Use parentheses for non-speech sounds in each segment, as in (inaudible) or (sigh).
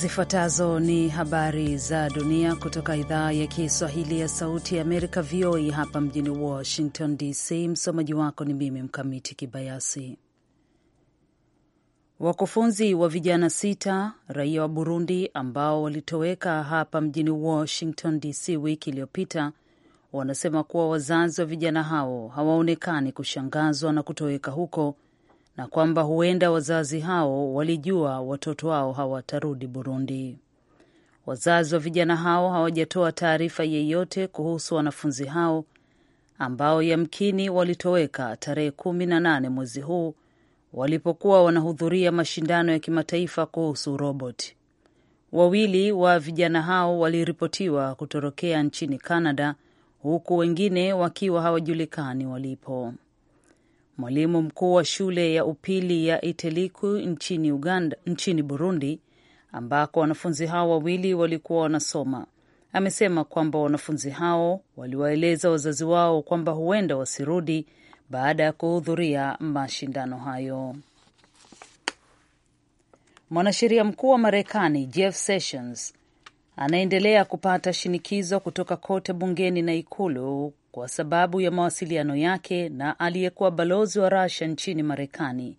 Zifuatazo ni habari za dunia kutoka idhaa ya Kiswahili ya Sauti ya Amerika, VOA, hapa mjini Washington DC. Msomaji wako ni mimi Mkamiti Kibayasi. Wakufunzi wa vijana sita raia wa Burundi ambao walitoweka hapa mjini Washington DC wiki iliyopita wanasema kuwa wazazi wa vijana hao hawaonekani kushangazwa na kutoweka huko na kwamba huenda wazazi hao walijua watoto wao hawatarudi Burundi. Wazazi wa vijana hao hawajatoa taarifa yeyote kuhusu wanafunzi hao ambao yamkini walitoweka tarehe kumi na nane mwezi huu walipokuwa wanahudhuria mashindano ya kimataifa kuhusu robot. Wawili wa vijana hao waliripotiwa kutorokea nchini Canada, huku wengine wakiwa hawajulikani walipo. Mwalimu mkuu wa shule ya upili ya iteliku nchini Uganda, nchini Burundi, ambako wanafunzi hao wawili walikuwa wanasoma, amesema kwamba wanafunzi hao waliwaeleza wazazi wao kwamba huenda wasirudi baada ya kuhudhuria mashindano hayo. Mwanasheria mkuu wa Marekani Jeff Sessions anaendelea kupata shinikizo kutoka kote bungeni na ikulu kwa sababu ya mawasiliano yake na aliyekuwa balozi wa rasia nchini Marekani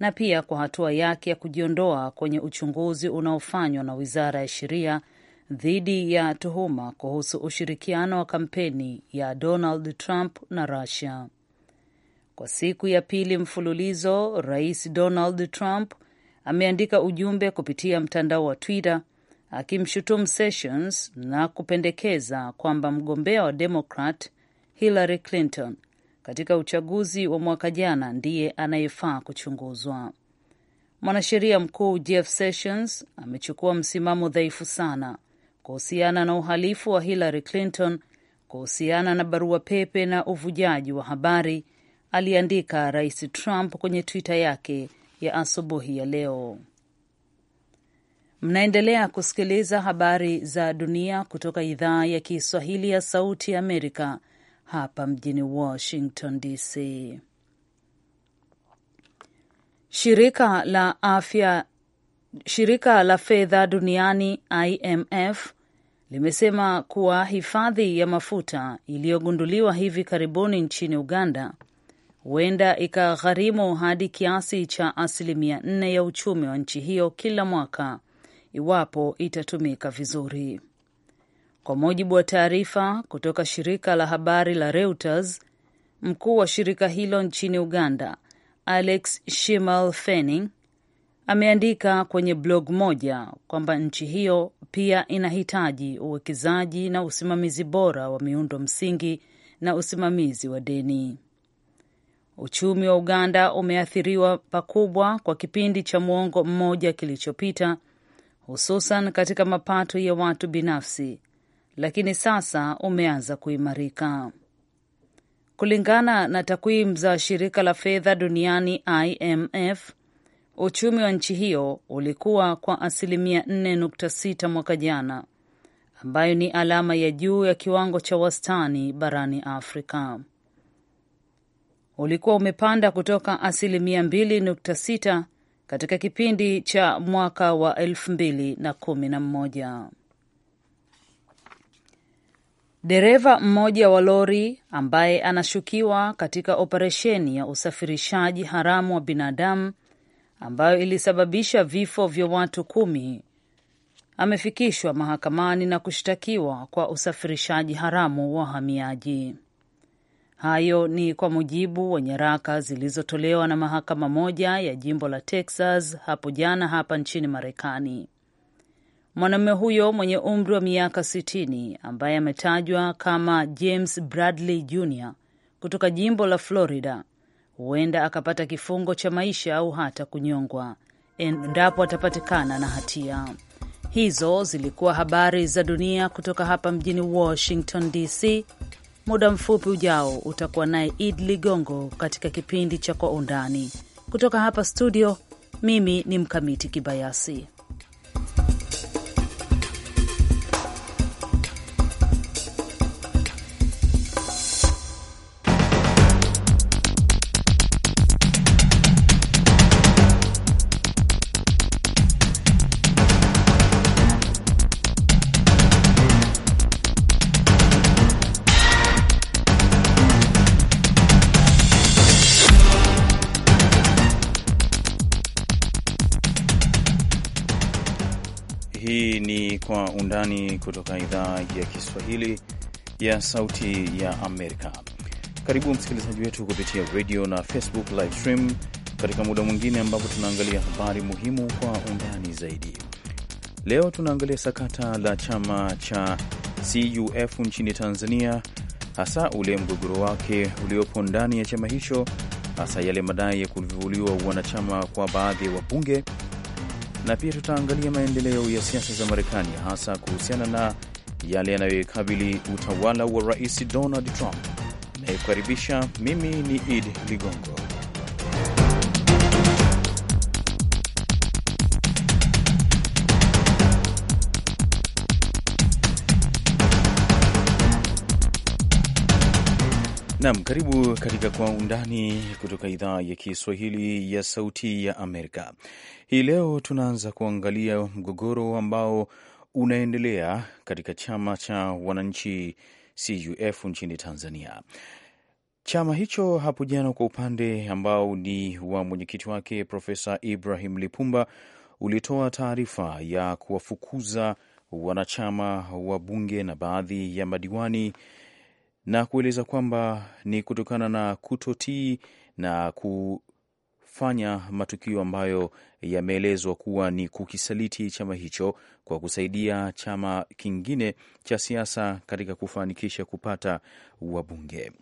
na pia kwa hatua yake ya kujiondoa kwenye uchunguzi unaofanywa na Wizara ya Sheria dhidi ya tuhuma kuhusu ushirikiano wa kampeni ya Donald Trump na Russia. Kwa siku ya pili mfululizo, Rais Donald Trump ameandika ujumbe kupitia mtandao wa Twitter akimshutumu Sessions na kupendekeza kwamba mgombea wa Demokrat Hillary Clinton katika uchaguzi wa mwaka jana ndiye anayefaa kuchunguzwa. Mwanasheria mkuu Jeff Sessions amechukua msimamo dhaifu sana kuhusiana na uhalifu wa Hillary Clinton kuhusiana na barua pepe na uvujaji wa habari, aliandika Rais Trump kwenye Twitter yake ya asubuhi ya leo. Mnaendelea kusikiliza habari za dunia kutoka idhaa ya Kiswahili ya Sauti ya Amerika hapa mjini Washington DC. Shirika la afya, shirika la fedha duniani IMF limesema kuwa hifadhi ya mafuta iliyogunduliwa hivi karibuni nchini Uganda huenda ikagharimu hadi kiasi cha asilimia nne ya uchumi wa nchi hiyo kila mwaka iwapo itatumika vizuri. Kwa mujibu wa taarifa kutoka shirika la habari la Reuters, mkuu wa shirika hilo nchini Uganda, Alex shimal Fanning, ameandika kwenye blog moja kwamba nchi hiyo pia inahitaji uwekezaji na usimamizi bora wa miundo msingi na usimamizi wa deni. Uchumi wa Uganda umeathiriwa pakubwa kwa kipindi cha muongo mmoja kilichopita, hususan katika mapato ya watu binafsi lakini sasa umeanza kuimarika. Kulingana na takwimu za shirika la fedha duniani IMF, uchumi wa nchi hiyo ulikuwa kwa asilimia 4.6 mwaka jana, ambayo ni alama ya juu ya kiwango cha wastani barani Afrika. Ulikuwa umepanda kutoka asilimia 2.6 katika kipindi cha mwaka wa 2011. Dereva mmoja wa lori ambaye anashukiwa katika operesheni ya usafirishaji haramu wa binadamu ambayo ilisababisha vifo vya watu kumi amefikishwa mahakamani na kushtakiwa kwa usafirishaji haramu wa wahamiaji. Hayo ni kwa mujibu wa nyaraka zilizotolewa na mahakama moja ya jimbo la Texas hapo jana hapa nchini Marekani. Mwanamume huyo mwenye umri wa miaka 60 ambaye ametajwa kama James Bradley Jr kutoka jimbo la Florida huenda akapata kifungo cha maisha au hata kunyongwa endapo atapatikana na hatia. Hizo zilikuwa habari za dunia kutoka hapa mjini Washington DC. Muda mfupi ujao utakuwa naye Id Ligongo katika kipindi cha Kwa Undani kutoka hapa studio. Mimi ni Mkamiti Kibayasi. kutoka idhaa ya Kiswahili ya Sauti ya Amerika. Karibu msikilizaji wetu kupitia radio na Facebook live stream katika muda mwingine ambapo tunaangalia habari muhimu kwa undani zaidi. Leo tunaangalia sakata la chama cha CUF nchini Tanzania, hasa ule mgogoro wake uliopo ndani ya chama hicho, hasa yale madai ya kuvuliwa wanachama kwa baadhi ya wabunge na pia tutaangalia maendeleo ya siasa za Marekani, hasa kuhusiana na yale yanayoikabili utawala wa Rais Donald Trump. Nayekukaribisha mimi ni Id Ligongo. Naam, karibu katika Kwa Undani kutoka idhaa ya Kiswahili ya Sauti ya Amerika. Hii leo tunaanza kuangalia mgogoro ambao unaendelea katika chama cha wananchi CUF nchini Tanzania. Chama hicho hapo jana, kwa upande ambao ni wa mwenyekiti wake Profesa Ibrahim Lipumba, ulitoa taarifa ya kuwafukuza wanachama wa bunge na baadhi ya madiwani na kueleza kwamba ni kutokana na kutotii na kufanya matukio ambayo yameelezwa kuwa ni kukisaliti chama hicho kwa kusaidia chama kingine cha siasa katika kufanikisha kupata wabunge.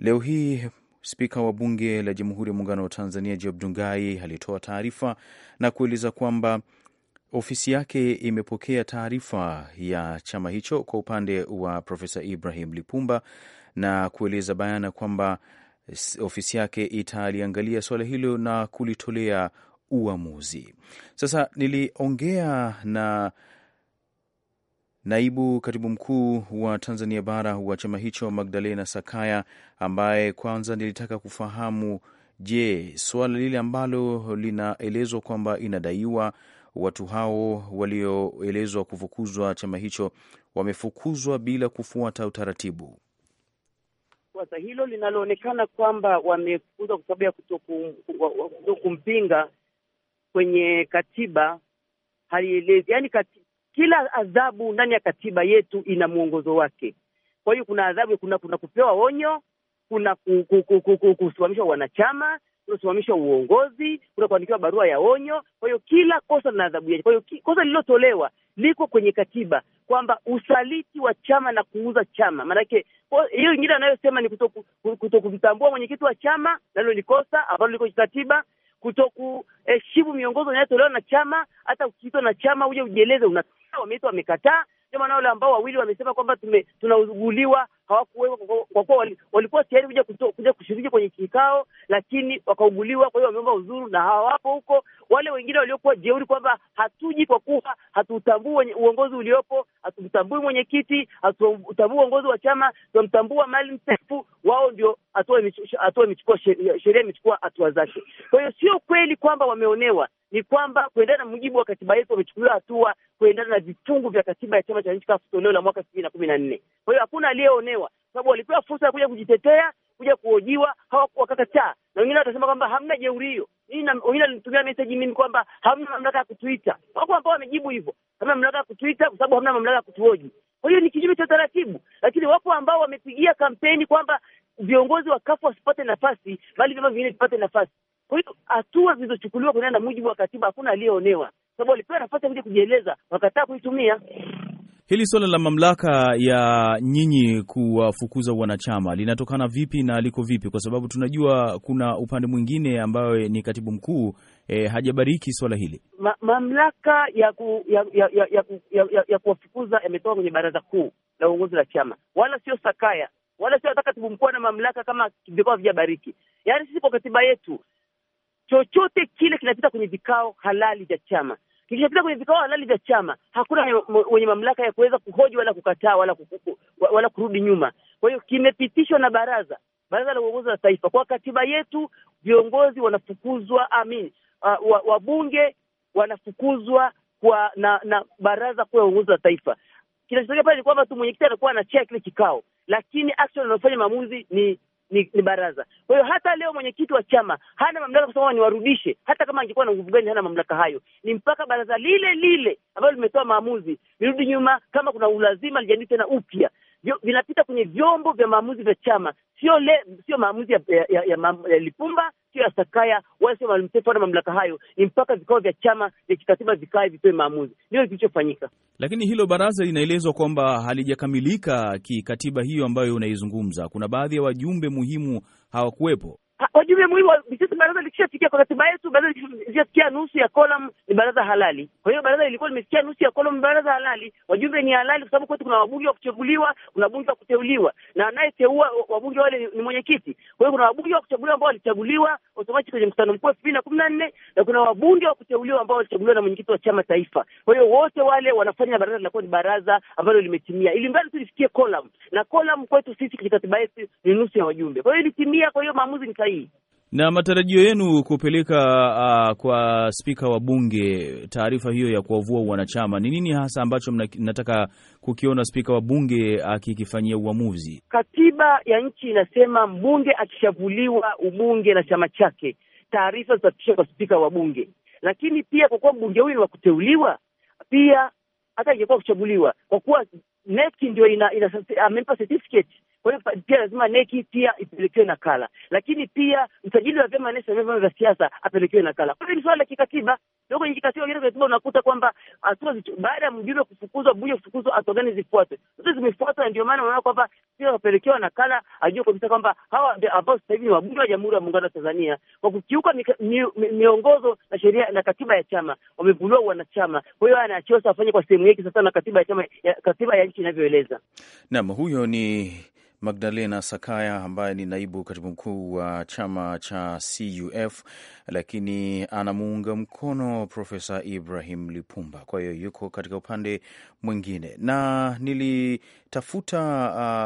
Leo hii Spika wa Bunge la Jamhuri ya Muungano wa Tanzania Job Ndugai alitoa taarifa na kueleza kwamba Ofisi yake imepokea taarifa ya chama hicho kwa upande wa Profesa Ibrahim Lipumba na kueleza bayana kwamba ofisi yake italiangalia suala hilo na kulitolea uamuzi. Sasa niliongea na naibu katibu mkuu wa Tanzania bara wa chama hicho Magdalena Sakaya, ambaye kwanza nilitaka kufahamu, je, suala lile ambalo linaelezwa kwamba inadaiwa Watu hao walioelezwa kufukuzwa chama hicho wamefukuzwa bila kufuata utaratibu. Sasa hilo linaloonekana kwamba wamefukuzwa kwa sababu ya kumpinga kwenye katiba halielezi, yaani kati, kila adhabu ndani ya katiba yetu ina mwongozo wake. Kwa hiyo kuna adhabu, kuna kuna kupewa onyo, kuna kusimamishwa wanachama unasimamishwa uongozi, kuandikiwa barua ya onyo. Kwa hiyo kila kosa lina adhabu yake. Kwa hiyo kosa lililotolewa liko kwenye katiba kwamba usaliti wa chama na kuuza chama, maanake hiyo ingine anayosema ni kutokumtambua mwenyekiti wa chama, nalo ni kosa ambalo liko kikatiba kutokuheshimu eh, miongozo inayotolewa na chama. Hata ukiitwa na chama uje ujieleze, wameitwa, wamekataa. Ndio maana wale ambao wawili wamesema kwamba tunauguliwa hawakuwepo kwa kuwa walikuwa tayari kuja kuja kushiriki kwenye kikao, lakini wakauguliwa. Kwa hiyo wameomba uzuru na hawapo huko. Wale wengine waliokuwa jeuri kwamba hatuji kwa kuwa hatutambui uongozi uliopo, hatumtambui mwenyekiti, hatutambui uongozi wa chama, tunamtambua Maalim Seif, wao ndio hatua imechukua sheria imechukua hatua zake. Kwa hiyo sio kweli kwamba wameonewa ni kwamba kuendana na mujibu wa katiba yetu wamechukuliwa hatua kuendana na vifungu vya katiba ya chama cha nchi kafu toleo la mwaka elfu mbili na kumi na nne. Kwa hiyo hakuna aliyeonewa, sababu walipewa fursa ya kuja kujitetea, kuja kuhojiwa, hawakakataa. Na wengine watasema kwamba hamna jeuri hiyo, wengine walinitumia meseji mimi kwamba hamna mamlaka ya kutuita. Wako ambao wamejibu hivyo, hamna mamlaka ya kutuita kwa sababu hamna mamlaka ya kutuhoji. Kwa hiyo ni kinyume cha taratibu, lakini wapo ambao wamepigia kampeni kwamba viongozi wa kafu wasipate nafasi, bali vyama vingine vipate nafasi. Kwa hiyo hatua zilizochukuliwa kulingana na mujibu wa katiba, hakuna aliyeonewa, sababu walipewa nafasi ya kuja kujieleza, wakataa kuitumia. Hili suala la mamlaka ya nyinyi kuwafukuza wanachama linatokana vipi na liko vipi? Kwa sababu tunajua kuna upande mwingine ambayo ni katibu mkuu e, hajabariki swala hili. Ma, mamlaka ya ku, ya, ya, ya, ya, ya, ya, ya kuwafukuza yametoka kwenye baraza kuu la uongozi la chama, wala sio Sakaya wala sio hata katibu mkuu ana mamlaka kama vikao vijabariki. Yaani sisi kwa katiba yetu chochote kile kinapita kwenye vikao halali vya chama. Kikishapita kwenye vikao halali vya chama, hakuna wenye mamlaka ya kuweza kuhoji wala kukataa wala kukuku, wala kurudi nyuma. Kwa hiyo kimepitishwa na baraza baraza la uongozi la taifa. Kwa katiba yetu viongozi wanafukuzwa amin uh, wabunge wanafukuzwa kwa na na baraza kuu ya uongozi la taifa. Kinachotokea pale ni kwamba tu mwenyekiti anakuwa anachea kile kikao, lakini action anayofanya maamuzi ni ni, ni baraza. Kwa hiyo hata leo mwenyekiti wa chama hana mamlaka kusema niwarudishe, hata kama angekuwa na nguvu gani, hana mamlaka hayo. Ni mpaka baraza lile lile ambalo limetoa maamuzi lirudi nyuma, kama kuna ulazima lijadili tena upya vinapita kwenye vyombo vya maamuzi vya chama, sio sio maamuzi ya, ya, ya, ya, ya Lipumba, sio ya Sakaya wala sio Msefu na mamlaka hayo. Ni mpaka vikao vya chama vya kikatiba vikae vitoe maamuzi, ndio kilichofanyika. Lakini hilo baraza linaelezwa kwamba halijakamilika kikatiba hiyo ambayo unaizungumza. Kuna baadhi ya wajumbe muhimu hawakuwepo wajumbe muhimu sisi, baraza likishafikia kwa katiba yetu, baraza likishafikia nusu ya kolam ni baraza halali. Kwa hiyo baraza ilikuwa limefikia nusu ya kolam, baraza halali, wajumbe ni halali, kwa sababu kwetu kuna wabunge wa kuchaguliwa, kuna bunge wa kuteuliwa, na anayeteua wabunge wale ni mwenyekiti. Kwa hiyo kuna wabunge wa kuchaguliwa ambao walichaguliwa automatic kwenye mkutano mkuu elfu mbili na kumi na nne na kuna wabunge wa kuteuliwa ambao walichaguliwa na mwenyekiti wa chama taifa. Kwa hiyo wote wale wanafanya baraza linakuwa ni baraza ambalo limetimia, ili mbali tu lifikie column, na kolam kwetu sisi katika katiba yetu ni nusu ya wajumbe. Kwa hiyo ilitimia, kwa hiyo maamuzi ni sahihi hai. Na matarajio yenu kupeleka uh, kwa spika wa bunge taarifa hiyo ya kuwavua wanachama, ni nini hasa ambacho mnataka kukiona spika wa bunge akikifanyia uamuzi? Katiba ya nchi inasema mbunge akishavuliwa ubunge na chama chake, taarifa zitapitishwa kwa spika wa bunge, lakini pia kwa kuwa mbunge huyu ni wa kuteuliwa pia hata ingekuwa kuchaguliwa, kwa kuwa NEC ndio ina, ina, amempa certificate kwa hiyo pia lazima neki pia ipelekewe nakala, lakini pia msajili wa vyama na vyama vya siasa apelekewe nakala. Kwa hiyo ni swala la kikatiba ndio. Kwenye kikatiba kile katiba unakuta kwamba hatua baada ya mjumbe kufukuzwa, bunge kufukuzwa, hatua gani zifuate? Zote zimefuatwa, ndio maana unaona kwamba pia wapelekewa nakala, ajue kabisa kwamba hawa ambao sasa hivi ni wabunge wa Jamhuri ya Muungano wa Tanzania kwa kukiuka miongozo na sheria na katiba ya chama wamevuliwa wanachama. Kwa hiyo anaachiwa sasa afanye kwa sehemu yake sasa na katiba ya chama ya katiba ya nchi inavyoeleza. Naam, huyo ni Magdalena Sakaya ambaye ni naibu katibu mkuu wa chama cha CUF, lakini anamuunga mkono Profesa Ibrahim Lipumba. Kwa hiyo yuko katika upande mwingine, na nilitafuta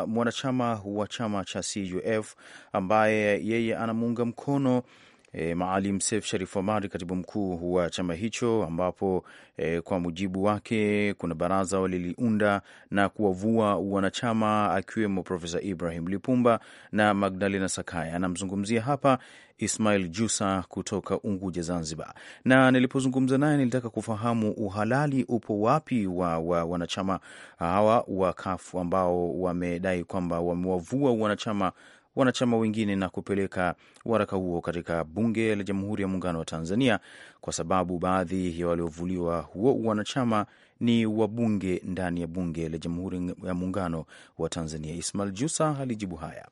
uh, mwanachama wa chama cha CUF ambaye yeye anamuunga mkono e, Maalim Seif Sharif Omar, katibu mkuu wa chama hicho, ambapo e, kwa mujibu wake kuna baraza waliliunda na kuwavua wanachama akiwemo Profesa Ibrahim Lipumba na Magdalena Sakaya. Anamzungumzia hapa Ismail Jusa kutoka Unguja, Zanzibar. Na nilipozungumza naye nilitaka kufahamu uhalali upo wapi wa, wa wanachama hawa wa kafu ambao wamedai kwamba wamewavua wanachama wanachama wengine na kupeleka waraka huo katika Bunge la Jamhuri ya Muungano wa Tanzania, kwa sababu baadhi ya waliovuliwa huo wanachama ni wabunge ndani ya Bunge la Jamhuri ya Muungano wa Tanzania. Ismail Jusa alijibu haya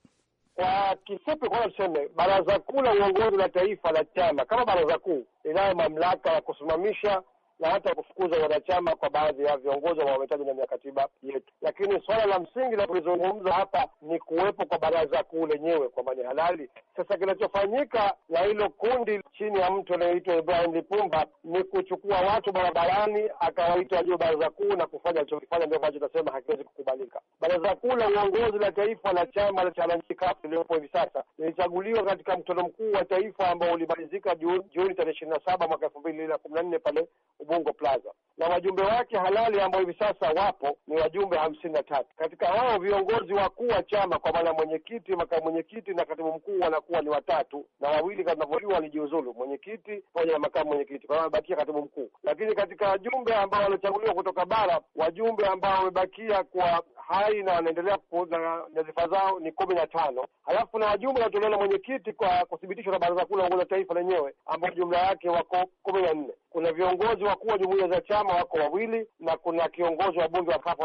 kwa kifupi. Kwanza tuseme baraza kuu la uongozi la taifa la chama kama baraza kuu linayo mamlaka ya kusimamisha na hata kufukuza wanachama kwa baadhi ya viongozi ambao wametajwa ndani ya katiba yetu. Lakini suala la msingi la kulizungumza hapa ni kuwepo kwa baraza kuu lenyewe kwamba ni halali. Sasa kinachofanyika na hilo kundi chini ya mtu anayeitwa Ibrahim Lipumba ni kuchukua watu barabarani, akawaita juu baraza kuu na kufanya alichokifanya, ndio ambacho tunasema hakiwezi kukubalika. Baraza kuu la uongozi la taifa la chama cha wananchi kafu hivi sasa lilichaguliwa katika mkutano mkuu wa taifa ambao ulimalizika Juni tarehe ishirini na saba mwaka elfu mbili na kumi na nne pale Ubungo Plaza na wajumbe wake halali ambao hivi sasa wapo ni wajumbe hamsini na tatu. Katika wao viongozi wakuu wa chama kwa maana mwenyekiti, makamu mwenyekiti na katibu mkuu wanakuwa ni watatu na wawili, kanavyojua walijiuzulu, mwenyekiti pamoja na makamu mwenyekiti, kwa hiyo amebakia katibu mkuu. Lakini katika wajumbe ambao waliochaguliwa kutoka bara, wajumbe ambao wamebakia kwa hai na wanaendelea kuuza nyadhifa zao ni kumi na tano. Halafu kuna wajumbe atolewa na mwenyekiti kwa kuthibitishwa na Baraza Kuu la Uongozi wa Taifa lenyewe ambao jumla yake wako kumi na nne. Kuna viongozi wakuu wa jumuiya za chama wako wawili, na kuna kiongozi wa bunge wa Kafu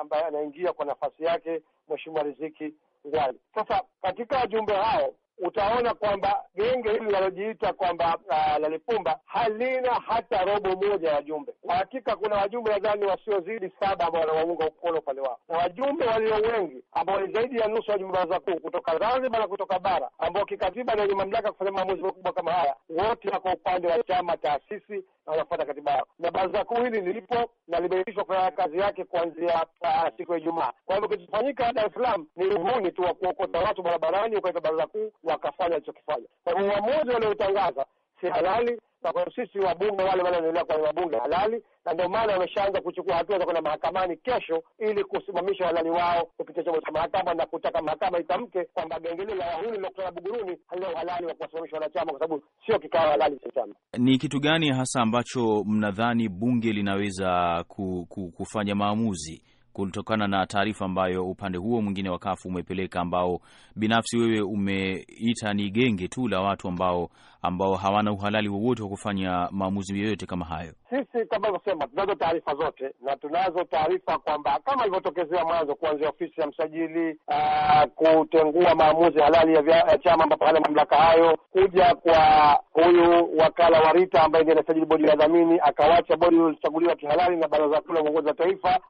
ambaye anaingia kwa nafasi yake, mweshimua Riziki Ngwali. Sasa katika wajumbe hao utaona kwamba genge hili linalojiita kwamba uh, la Lipumba halina hata robo moja ya wajumbe. Kwa hakika kuna wajumbe nadhani wasiozidi saba ambao wanawaunga mkono upande wao, na wajumbe walio wengi ambao ni zaidi ya nusu wajumbe baraza kuu kutoka Zanzibar na kutoka bara, ambao kikatiba ni wenye mamlaka kufanya maamuzi makubwa kama haya, wote wako upande wa chama taasisi na wanafuata katiba yao, na baraza kuu hili lilipo na limeitishwa kufanya kazi yake kuanzia uh, siku ya Ijumaa. Kwa hivyo kilichofanyika Dar es Salaam ni uhuni tu wa kuokota watu barabarani ukaita baraza kuu wakafanya walichokifanya. Kwa hivyo uamuzi walioutangaza si halali, na kwa sisi wabunge wale wanaendelea kuwa wabunge halali, na ndio maana wameshaanza kuchukua hatua za kwenda mahakamani kesho, ili kusimamisha uhalali wao kupitia chombo cha mahakama na kutaka mahakama itamke kwamba genge la wahuni lilokutana Buguruni halina uhalali wa kuwasimamisha wanachama, kwa sababu sio kikao halali cha chama. Ni kitu gani hasa ambacho mnadhani bunge linaweza ku, ku, kufanya maamuzi kutokana na taarifa ambayo upande huo mwingine wa kafu umepeleka, ambao binafsi wewe umeita ni genge tu la watu ambao ambao hawana uhalali wowote wa kufanya maamuzi yoyote kama hayo. Sisi kama alivyosema, tunazo taarifa zote na tunazo taarifa kwamba kama ilivyotokezea mwanzo, kuanzia ofisi ya msajili aa, kutengua maamuzi halali ya, vya, ya chama ambapo hana mamlaka hayo, kuja kwa huyu wakala wa RITA ambaye ndiye anasajili bodi ya dhamini, akawacha bodi iliyochaguliwa kihalali na baraza kuu la uongozi wa taifa,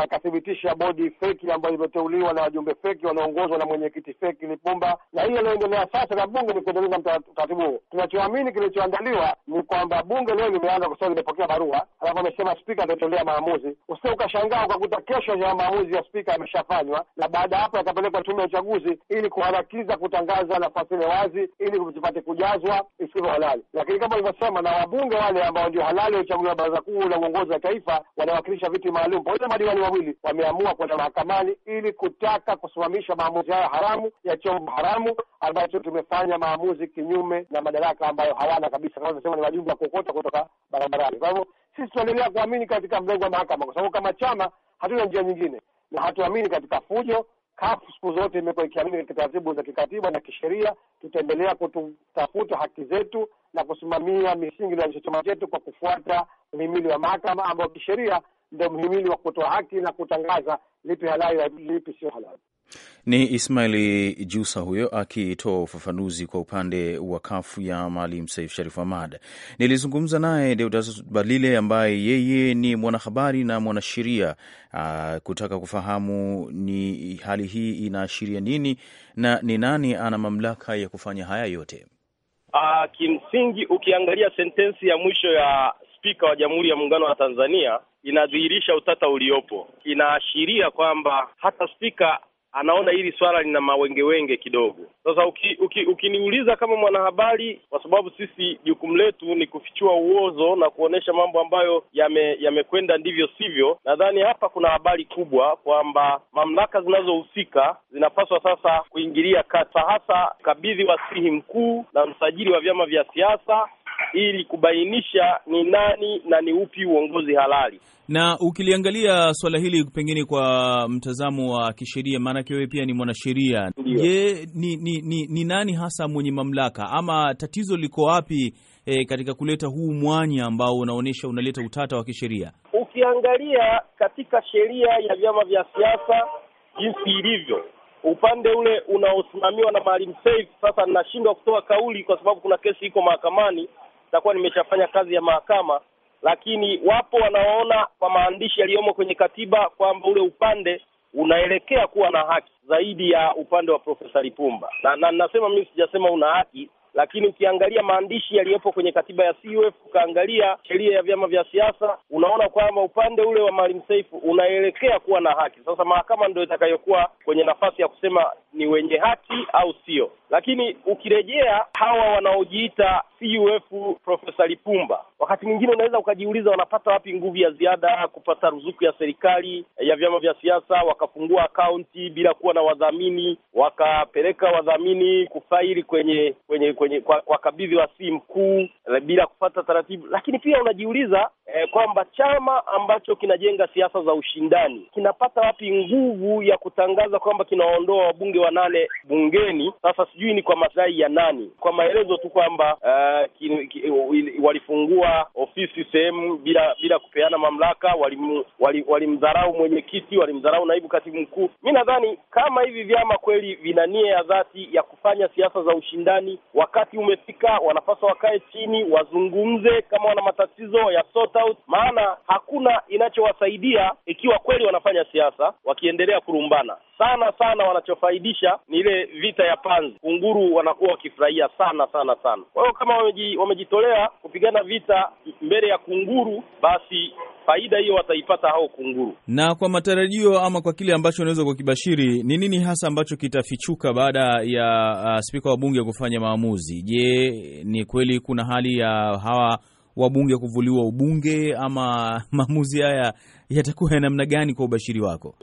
akathibitisha bodi feki ambayo imeteuliwa na wajumbe feki wanaongozwa na mwenyekiti feki Lipumba, na hiyo inaendelea sasa na bunge ni kuendeleza utaratibu huo tunachoamini kilichoandaliwa ni kwamba bunge leo limeanza kusema limepokea barua, alafu amesema spika atatolea maamuzi. usi ukashangaa ukakuta kesho ya maamuzi ya spika yameshafanywa, na baada ya hapo yakapelekwa tume ya uchaguzi ili kuharakiza kutangaza nafasi ile wazi, ili zipate kujazwa isivyo halali. Lakini kama ulivyosema, na wabunge wale ambao ndio halali walichaguliwa baraza kuu la uongozi wa taifa, wanawakilisha viti maalum pamoja na madiwani wawili, wameamua kwenda mahakamani ili kutaka kusimamisha maamuzi hayo haramu ya chombo haramu ambacho tumefanya maamuzi kinyume na madaraka ambayo hawana kabisa, kama tunasema ni wajumbe wa kokota kutoka barabarani. Kwa hivyo sisi tunaendelea kuamini katika mlengo wa mahakama, kwa sababu kama chama hatuna njia nyingine, na hatuamini katika fujo. Kafu siku zote imekuwa ikiamini katika taratibu za kikatiba na kisheria. Tutaendelea kutafuta haki zetu na kusimamia misingi ya chama chetu kwa kufuata mhimili wa mahakama, ambayo kisheria ndio mhimili wa kutoa haki na kutangaza lipi halali na lipi sio halali. Ni Ismail Jusa huyo akitoa ufafanuzi kwa upande wa kafu ya Maalim saif Sharif Hamad. Nilizungumza naye Deodatus Balile ambaye yeye ni mwanahabari na mwanasheria uh, kutaka kufahamu ni hali hii inaashiria nini na ni nani ana mamlaka ya kufanya haya yote. Uh, kimsingi ukiangalia sentensi ya mwisho ya spika wa Jamhuri ya Muungano wa Tanzania inadhihirisha utata uliopo. Inaashiria kwamba hata spika anaona hili swala lina mawengewenge kidogo. Sasa uki, uki, ukiniuliza kama mwanahabari, kwa sababu sisi jukumu letu ni kufichua uozo na kuonyesha mambo ambayo yamekwenda yame ndivyo sivyo, nadhani hapa kuna habari kubwa kwamba mamlaka zinazohusika zinapaswa sasa kuingilia kata, hasa kabidhi wasihi mkuu na msajili wa vyama vya siasa ili kubainisha ni nani na ni upi uongozi halali. Na ukiliangalia swala hili pengine kwa mtazamo wa kisheria, maanake wewe pia ni mwanasheria, je, ni, ni, ni, ni nani hasa mwenye mamlaka ama tatizo liko wapi eh, katika kuleta huu mwanya ambao unaonyesha unaleta utata wa kisheria? Ukiangalia katika sheria ya vyama vya siasa jinsi ilivyo upande ule unaosimamiwa na Maalim Seif sasa ninashindwa kutoa kauli kwa sababu kuna kesi iko mahakamani nitakuwa nimeshafanya kazi ya mahakama lakini wapo wanaona kwa maandishi yaliyomo kwenye katiba kwamba ule upande unaelekea kuwa na haki zaidi ya upande wa Profesa Lipumba, na, na nasema mimi sijasema una haki, lakini ukiangalia maandishi yaliyopo kwenye katiba ya CUF, ukaangalia sheria ya vyama vya siasa, unaona kwamba upande ule wa Maalim Seif unaelekea kuwa na haki. Sasa mahakama ndio itakayokuwa kwenye nafasi ya kusema ni wenye haki au sio. Lakini ukirejea hawa wanaojiita CUF, Profesa Lipumba Wakati mwingine unaweza ukajiuliza wanapata wapi nguvu ya ziada kupata ruzuku ya serikali ya vyama vya siasa, wakafungua akaunti bila kuwa na wadhamini, wakapeleka wadhamini kufaili kwenye kwenye kwenye kwa, kwa kabidhi si mkuu eh, bila kufata taratibu. Lakini pia unajiuliza eh, kwamba chama ambacho kinajenga siasa za ushindani kinapata wapi nguvu ya kutangaza kwamba kinawaondoa wabunge wanane bungeni? Sasa sijui ni kwa maslahi ya nani. Kwa maelezo tu kwamba uh, walifungua ofisi sehemu bila bila kupeana mamlaka, walimdharau wali, wali mwenyekiti, walimdharau naibu katibu mkuu. Mi nadhani kama hivi vyama kweli vina nia ya dhati ya kufanya siasa za ushindani, wakati umefika, wanapaswa wakae chini, wazungumze kama wana matatizo ya sort out, maana hakuna inachowasaidia ikiwa kweli wanafanya siasa wakiendelea kurumbana sana sana wanachofaidisha ni ile vita ya panzi. Kunguru wanakuwa wakifurahia sana sana sana. Kwa hiyo kama wameji, wamejitolea kupigana vita mbele ya kunguru, basi faida hiyo wataipata hao kunguru. Na kwa matarajio ama kwa kile ambacho unaweza kukibashiri, ni nini hasa ambacho kitafichuka baada ya uh, spika wa bunge kufanya maamuzi? Je, ni kweli kuna hali ya hawa wabunge kuvuliwa ubunge ama (laughs) maamuzi haya yatakuwa ya namna gani kwa ubashiri wako?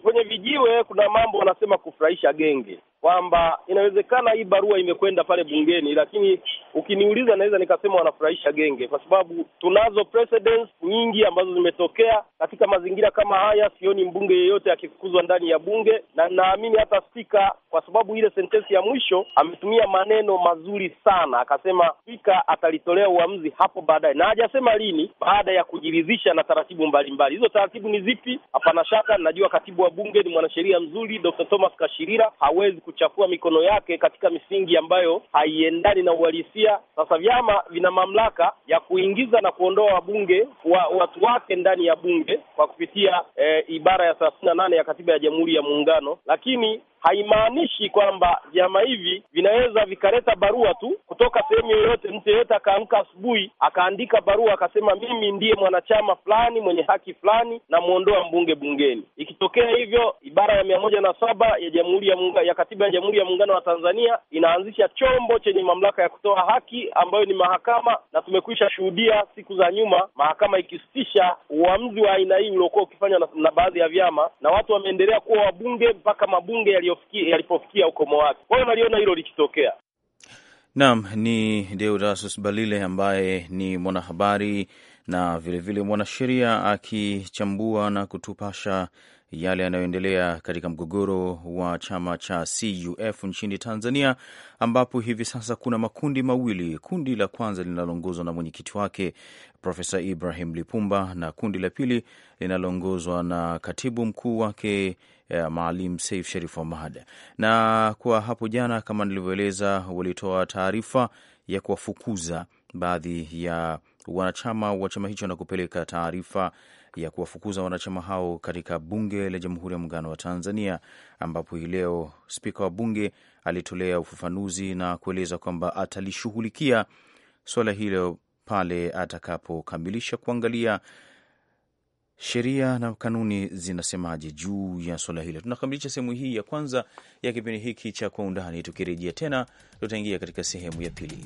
ujue kuna mambo wanasema kufurahisha genge, kwamba inawezekana hii barua imekwenda pale bungeni, lakini ukiniuliza, naweza nikasema wanafurahisha genge, kwa sababu tunazo precedents nyingi ambazo zimetokea katika mazingira kama haya. Sioni mbunge yeyote akifukuzwa ndani ya bunge, na naamini hata spika, kwa sababu ile sentensi ya mwisho ametumia maneno mazuri sana, akasema spika atalitolea uamuzi hapo baadaye, na hajasema lini, baada ya kujiridhisha na taratibu mbalimbali. Hizo taratibu ni zipi? Hapana shaka, ninajua katibu wa bunge ni mwana mwanasheria mzuri Dr. Thomas Kashirira hawezi kuchafua mikono yake katika misingi ambayo haiendani na uhalisia. Sasa vyama vina mamlaka ya kuingiza na kuondoa wabunge wa, watu wake ndani ya bunge kwa kupitia eh, ibara ya thelathini na nane ya katiba ya Jamhuri ya Muungano, lakini haimaanishi kwamba vyama hivi vinaweza vikaleta barua tu kutoka sehemu yoyote, mtu yeyote akaamka asubuhi akaandika barua akasema mimi ndiye mwanachama fulani mwenye haki fulani, namwondoa mbunge bungeni. Ikitokea hivyo, ibara ya mia moja na saba ya jamhuri ya munga, ya katiba ya Jamhuri ya Muungano wa Tanzania inaanzisha chombo chenye mamlaka ya kutoa haki ambayo ni mahakama, na tumekwisha shuhudia siku za nyuma mahakama ikisitisha uamuzi wa aina hii uliokuwa ukifanywa na, na baadhi ya vyama na watu wameendelea kuwa wabunge mpaka mabunge yali yalipofikia ukomo wake. Kwa hiyo naliona hilo likitokea. Naam, ni Deodatus Balile ambaye ni mwanahabari na vilevile mwanasheria akichambua na kutupasha yale yanayoendelea katika mgogoro wa chama cha CUF nchini Tanzania, ambapo hivi sasa kuna makundi mawili. Kundi la kwanza linaloongozwa na mwenyekiti wake Profesa Ibrahim Lipumba na kundi la pili linaloongozwa na katibu mkuu wake Maalim Seif Sharif Hamad. Na kwa hapo jana, kama nilivyoeleza, walitoa taarifa ya kuwafukuza baadhi ya wanachama wa chama hicho na kupeleka taarifa ya kuwafukuza wanachama hao katika Bunge la Jamhuri ya Muungano wa Tanzania, ambapo hii leo spika wa bunge alitolea ufafanuzi na kueleza kwamba atalishughulikia suala hilo pale atakapokamilisha kuangalia sheria na kanuni zinasemaje juu ya swala hilo. Tunakamilisha sehemu hii ya kwanza ya kipindi hiki cha Kwa Undani. Tukirejea tena, tutaingia katika sehemu ya pili.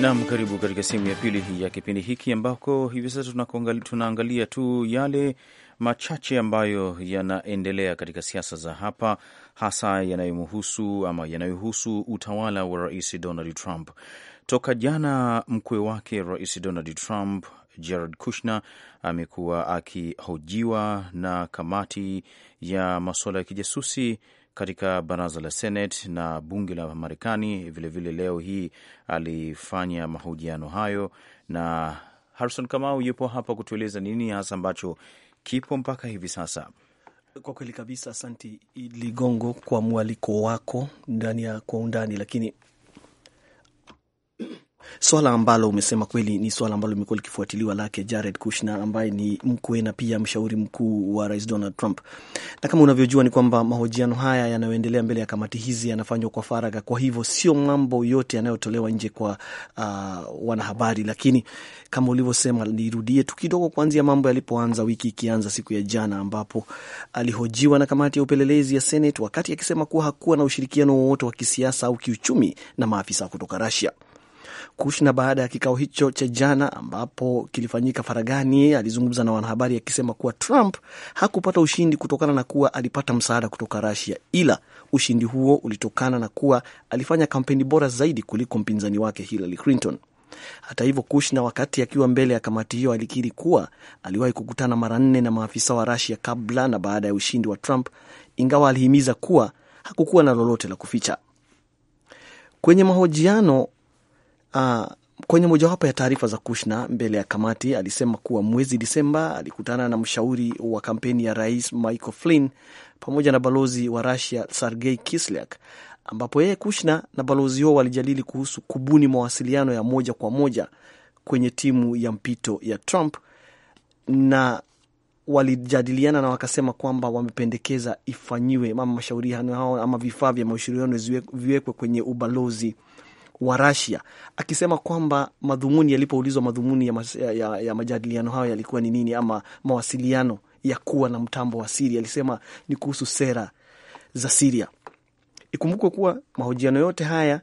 Nam, karibu katika sehemu ya pili ya kipindi hiki ambako hivi sasa tunaangalia tu yale machache ambayo yanaendelea katika siasa za hapa, hasa yanayomhusu ama yanayohusu utawala wa Rais Donald Trump. Toka jana mkwe wake Rais Donald Trump Jared Kushner amekuwa akihojiwa na kamati ya masuala ya kijasusi katika baraza la Senate na bunge la Marekani. Vilevile leo hii alifanya mahojiano hayo, na Harrison Kamau yupo hapa kutueleza nini hasa ambacho kipo mpaka hivi sasa. Kwa kweli kabisa, asanti Ligongo kwa mwaliko wako ndani ya kwa undani, lakini swala ambalo umesema kweli ni swala ambalo limekuwa likifuatiliwa lake Jared Kushner ambaye ni mkwe na pia mshauri mkuu wa Rais Donald Trump. Na kama unavyojua ni kwamba mahojiano haya yanayoendelea mbele ya kamati hizi yanafanywa kwa faragha, kwa hivyo sio mambo yote yanayotolewa nje kwa uh, wanahabari. Lakini kama ulivyosema, nirudie tu kidogo kuanzia mambo yalipoanza, wiki ikianza siku ya jana, ambapo alihojiwa na kamati ya upelelezi ya Senate wakati akisema kuwa hakuwa na ushirikiano wowote wa kisiasa au kiuchumi na maafisa kutoka Russia. Kushna baada ya kikao hicho cha jana ambapo kilifanyika faragani, alizungumza na wanahabari akisema kuwa Trump hakupata ushindi kutokana na kuwa alipata msaada kutoka Russia, ila ushindi huo ulitokana na kuwa alifanya kampeni bora zaidi kuliko mpinzani wake Hillary Clinton. Hata hivyo, Kushna wakati akiwa mbele ya kamati hiyo alikiri kuwa aliwahi kukutana mara nne na maafisa wa Russia kabla na baada ya ushindi wa Trump, ingawa alihimiza kuwa hakukuwa na lolote la kuficha. Kwenye mahojiano Uh, kwenye mojawapo ya taarifa za Kushner mbele ya kamati alisema kuwa mwezi Disemba alikutana na mshauri wa kampeni ya rais Michael Flynn pamoja na balozi wa Rusia Sergei Kislyak, ambapo yeye Kushner na balozi huo walijadili kuhusu kubuni mawasiliano ya moja kwa moja kwenye timu ya mpito ya Trump na walijadiliana na wakasema kwamba wamependekeza ifanyiwe ama mashauriano hao ama vifaa vya mashauriano viwekwe kwenye ubalozi wa rasia akisema kwamba madhumuni yalipoulizwa madhumuni ya, mas, ya, ya, ya majadiliano hayo yalikuwa ni nini ama mawasiliano ya kuwa na mtambo wa Siria, alisema ni kuhusu sera za Siria. Ikumbukwe kuwa mahojiano yote haya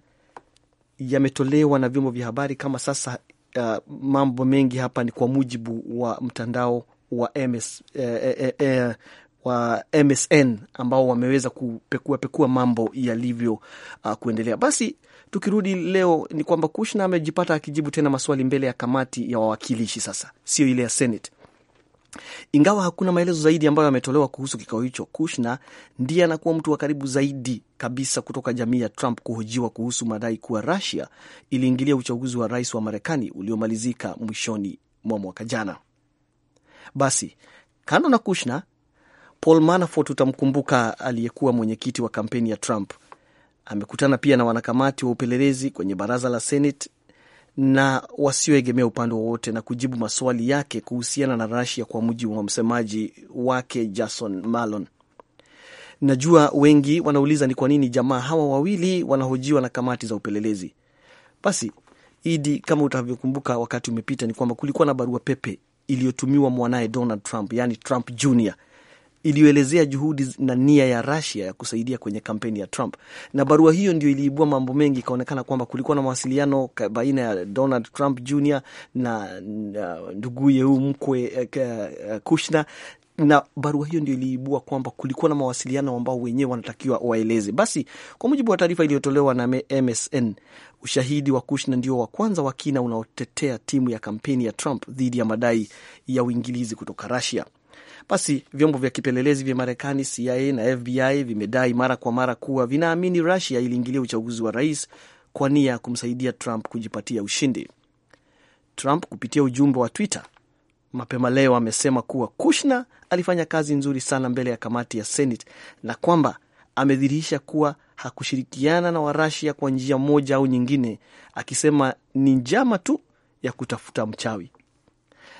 yametolewa na vyombo vya habari kama sasa. Uh, mambo mengi hapa ni kwa mujibu wa mtandao wa, MS, eh, eh, eh, eh, wa MSN ambao wameweza kupekua pekua mambo yalivyo, uh, kuendelea basi Tukirudi leo ni kwamba Kushna amejipata akijibu tena maswali mbele ya kamati ya wawakilishi, sasa sio ile ya Senate. Ingawa hakuna maelezo zaidi ambayo yametolewa kuhusu kikao hicho, Kushna ndiye anakuwa mtu wa karibu zaidi kabisa kutoka jamii ya Trump kuhojiwa kuhusu madai kuwa Russia iliingilia uchaguzi wa rais wa Marekani uliomalizika mwishoni mwa mwaka jana. Basi kando na Kushna, Paul Manafort utamkumbuka, aliyekuwa mwenyekiti wa kampeni ya Trump Amekutana pia na wanakamati wa upelelezi kwenye baraza la Senate na wasioegemea upande wowote na kujibu maswali yake kuhusiana na rasia kwa mujibu wa msemaji wake Jason Malon. Najua wengi wanauliza ni kwa nini jamaa hawa wawili wanahojiwa na kamati za upelelezi. Basi Idi, kama utavyokumbuka, wakati umepita, ni kwamba kulikuwa na barua pepe iliyotumiwa mwanaye Donald Trump, yani Trump Jr iliyoelezea juhudi na nia ya Russia ya kusaidia kwenye kampeni ya Trump, na barua hiyo ndio iliibua mambo mengi. Ikaonekana kwamba kulikuwa na mawasiliano baina ya Donald Trump Jr na, na nduguye huu mkwe eh, kushna eh, Kushner na barua hiyo ndio iliibua kwamba kulikuwa na mawasiliano ambao wenyewe wanatakiwa waeleze. Basi, kwa mujibu wa taarifa iliyotolewa na MSN, ushahidi wa Kushna ndio wa kwanza wa kina unaotetea timu ya kampeni ya Trump dhidi ya madai ya uingilizi kutoka Russia. Basi vyombo vya kipelelezi vya Marekani, CIA na FBI, vimedai mara kwa mara kuwa vinaamini Rusia iliingilia uchaguzi wa rais kwa nia ya kumsaidia Trump kujipatia ushindi. Trump kupitia ujumbe wa Twitter mapema leo amesema kuwa Kushner alifanya kazi nzuri sana mbele ya kamati ya Senate na kwamba amedhihirisha kuwa hakushirikiana na Warasia kwa njia moja au nyingine, akisema ni njama tu ya kutafuta mchawi.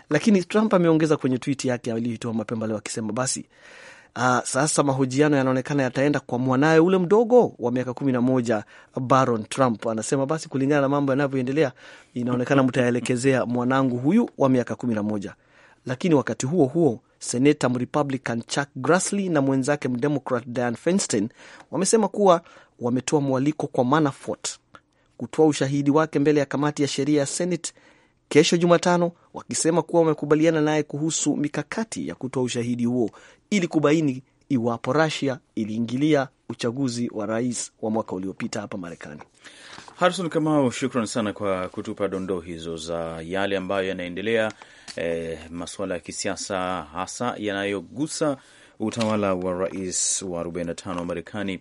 Lakini Trump ameongeza kwenye tweet yake aliyoitoa mapema leo akisema basi Aa, ah, sasa mahojiano yanaonekana yataenda kwa mwanawe ule mdogo wa miaka kumi na moja Baron Trump. Anasema basi kulingana na mambo yanavyoendelea, inaonekana mtaelekezea mwanangu huyu wa miaka kumi na moja. Lakini wakati huo huo senata Mrepublican Chuck Grassley na mwenzake Mdemocrat Dianne Feinstein wamesema kuwa wametoa mwaliko kwa Manafort kutoa ushahidi wake mbele ya kamati ya sheria ya Senate kesho Jumatano wakisema kuwa wamekubaliana naye kuhusu mikakati ya kutoa ushahidi huo ili kubaini iwapo Russia iliingilia uchaguzi wa rais wa mwaka uliopita hapa Marekani. Harison Kamau, shukran sana kwa kutupa dondoo hizo za yale ambayo yanaendelea, eh, masuala ya kisiasa hasa yanayogusa utawala wa rais wa 45 wa Marekani,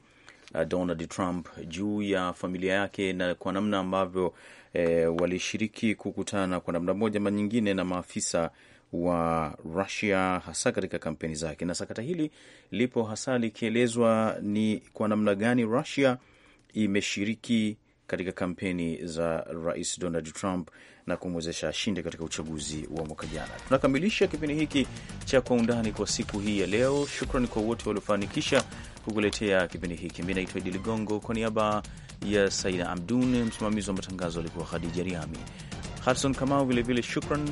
uh, Donald Trump juu ya familia yake na kwa namna ambavyo e, walishiriki kukutana kwa namna moja ama nyingine na maafisa wa Russia hasa katika kampeni zake, na sakata hili lipo hasa likielezwa ni kwa namna gani Russia imeshiriki katika kampeni za Rais Donald Trump na kumwezesha ashinde katika uchaguzi wa mwaka jana. Tunakamilisha kipindi hiki cha Kwa Undani kwa siku hii ya leo. Shukrani kwa wote waliofanikisha kukuletea kipindi hiki. Mi naitwa Idi Ligongo, kwa niaba ya Saida Abdun, msimamizi wa matangazo alikuwa Khadija Riami, Harison Kamau vilevile. Shukran,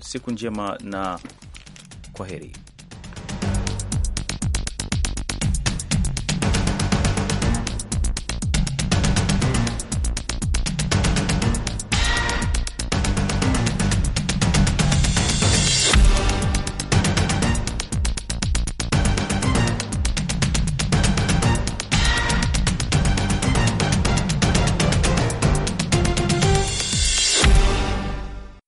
siku njema na kwa heri.